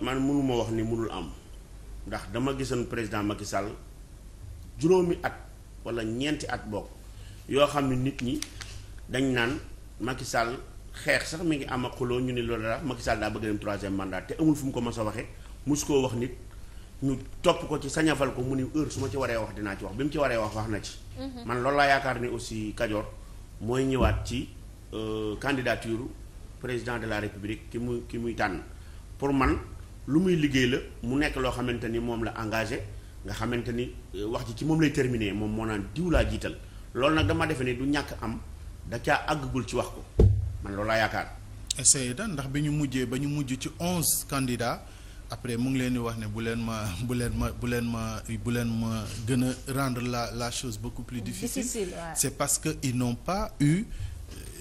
man mënuma wax ni munul am ndax dama gisoon président Macky Sall juróomi at wala ñeenti at bokk yoo xam ne nit ñi dañ naan Macky Sall xeex sax mi ngi am ak xuloo ñu ne loolu la Macky Sall daa bëgg dem troisième mandat te amul fu mu ko mos a waxee su koo wax nit ñu topp ko ci sañafal ko mu ni heure su ma ci waree wax dinaa ci wax bi mu ci waree wax wax na ci. Mhm. man loolu laa yaakaar ni aussi Kajoor mooy ñëwaat ci euh, candidature président de la république ki muy ki muy tànn pour man. lu muy liggéey la mu nekk loo xamante ni moom la engagé nga xamante ni euh, wax ji ci moom lay terminer moom moo naan diw laa jiital loolu nag dama defe ni du ñàkk am da caa àggagul ci wax ko man loolu laa yaakaar. essayé da ndax bi ñu mujjee ba ñu mujj ci onze candidats après mu ngi leen di wax ne bu leen ma bu leen ma bu leen ma bu leen ma gën a rendre la la chose beaucoup plus difficile. difficile ouais. c'est parce que ils n'ont pas eu.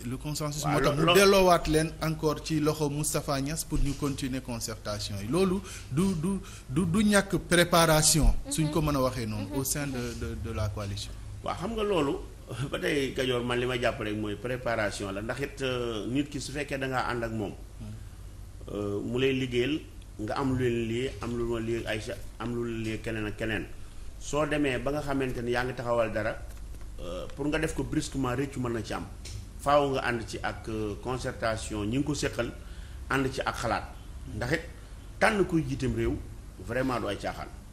lu consensus moo tax leen encore ci loxo Moustapha Niass pour ñu continuer concertation yi loolu du du du du ñàkk préparation mhm. suñ ko mën a waxee noonu mhm. au sein de de la coalition waa xam nga loolu ba tey Kajoor man li ma jàppale rek mooy préparation la ndax it euh, nit ki su fekkee da ngaa ànd ak moom euh, mu lay liggéeyal nga am lu leen lii am lu ma lii ay am lu leen lii keneen ak keneen soo demee ba nga xamante ni yaa ngi taxawal dara euh, pour nga def ko brusquement rëccu mën na ci am faaw nga ànd ci ak euh, concertation ñi ngi ko seqal ànd ci ak xalaat ndax it tànn kuy jiitam réew vraiment du ay caaxaan